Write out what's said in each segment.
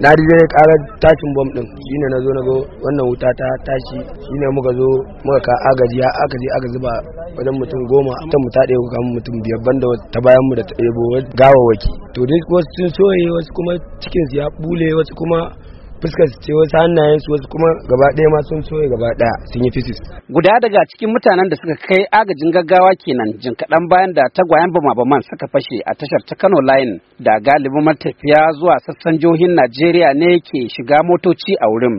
na dai karar tashin bom din shine na zo na go wannan wuta ta tashi shine muka zo muka ka agaji aka je aka zuba wajen mutum goma ta mu ta ɗaya kamar mutum biyar banda ta bayan mu da ta ɗebo waki to dai wasu sun soye wasu kuma cikin ya bule wasu kuma fuskar su ce wasu hannayen su wasu kuma gaba ɗaya ma sun soye gaba ɗaya sun yi fisis. Guda daga cikin mutanen da suka kai agajin gaggawa kenan jin kaɗan bayan da tagwayen bama-baman suka fashe a tashar ta Kano Line da galibin matafiya zuwa sassan jihohin Najeriya ne ke shiga motoci a wurin.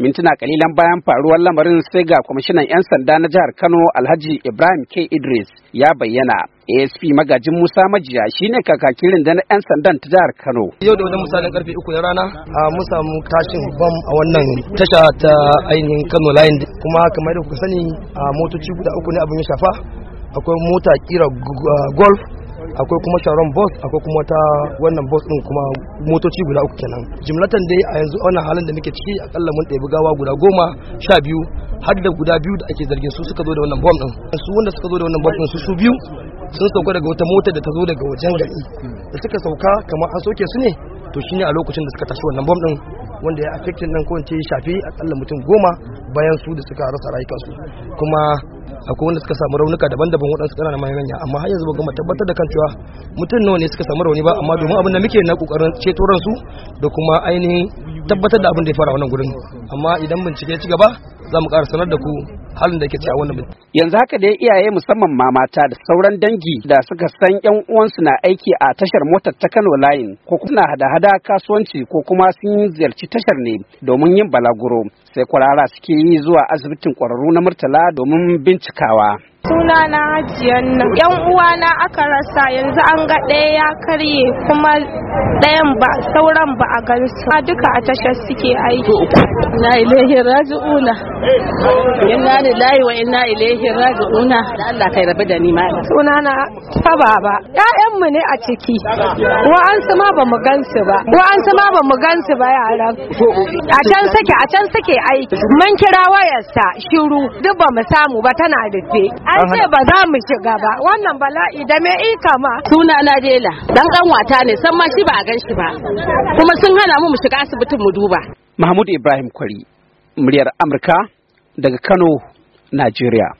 mintuna kalilan bayan faruwar lamarin sai ga kwamishinan 'yan sanda na jihar kano alhaji ibrahim k idris ya bayyana asp magajin musa majiya shine kakakirin da na 'yan sandan ta jihar kano yau da wani misalin karfe uku na rana a mun samu tashin bam a wannan tasha ta ainihin kano line kuma kamar da kuka sani a motoci guda uku ne abin ya shafa akwai mota kira golf akwai kuma sharon bus akwai kuma ta wannan bus din kuma motoci guda uku kenan jimlatan dai a yanzu wannan halin da muke ciki akalla mun ɗebi gawa guda goma sha biyu har da guda biyu da ake zargin su suka zo da wannan bom din su wanda suka zo da wannan bom din su su biyu sun sauka daga wata mota da ta zo daga wajen gari da suka sauka kamar an soke su ne to shine a lokacin da suka tashi wannan bom din wanda ya affectin nan ko ya shafi akalla mutum goma bayan su da suka rasa rayukansu kuma akwai wanda suka samu raunuka daban-daban waɗansu ƙananan manya amma har yanzu ba gama tabbatar da kan cewa mutum nawa ne suka samu rauni ba amma domin abin da muke na ƙoƙarin ceto ransu da kuma ainihin tabbatar da abin da ya fara wannan gurin amma idan bincike ya ci gaba za mu ƙara sanar da ku halin da ke cewa wani yanzu haka dai iyaye musamman ma mata da sauran dangi da suka san yan uwansu na aiki a tashar motar ta Kano Line ko kuma hada-hada kasuwanci ko kuma sun yi ziyarci tashar ne domin yin balaguro sai kwarara suke yi zuwa asibitin kwararru na Murtala domin bincikawa suna na hajiyar nan yan uwana aka rasa yanzu an ga ɗaya ya karye kuma ɗayan ba sauran ba a gansu duka a tashar suke aiki na ilaihi raji'una inna lillahi wa inna ilaihi raji'una da Allah kai rabu da ni ma suna na saba ba ƴaƴan mu ne a ciki wa an sama ba mu gansu ba wa an sama ba mu gansu ba yaran a can suke a can suke aiki mun kira wayarsa shiru duk ba mu samu ba tana rufe an ce ba za mu shiga ba wannan bala'i da me ika ma suna na dela dan kanwata ne san ma shi ba a gan shi ba kuma sun hana mu mu shiga asibitin mu duba mahmud ibrahim kwari muryar amurka daga kano najeriya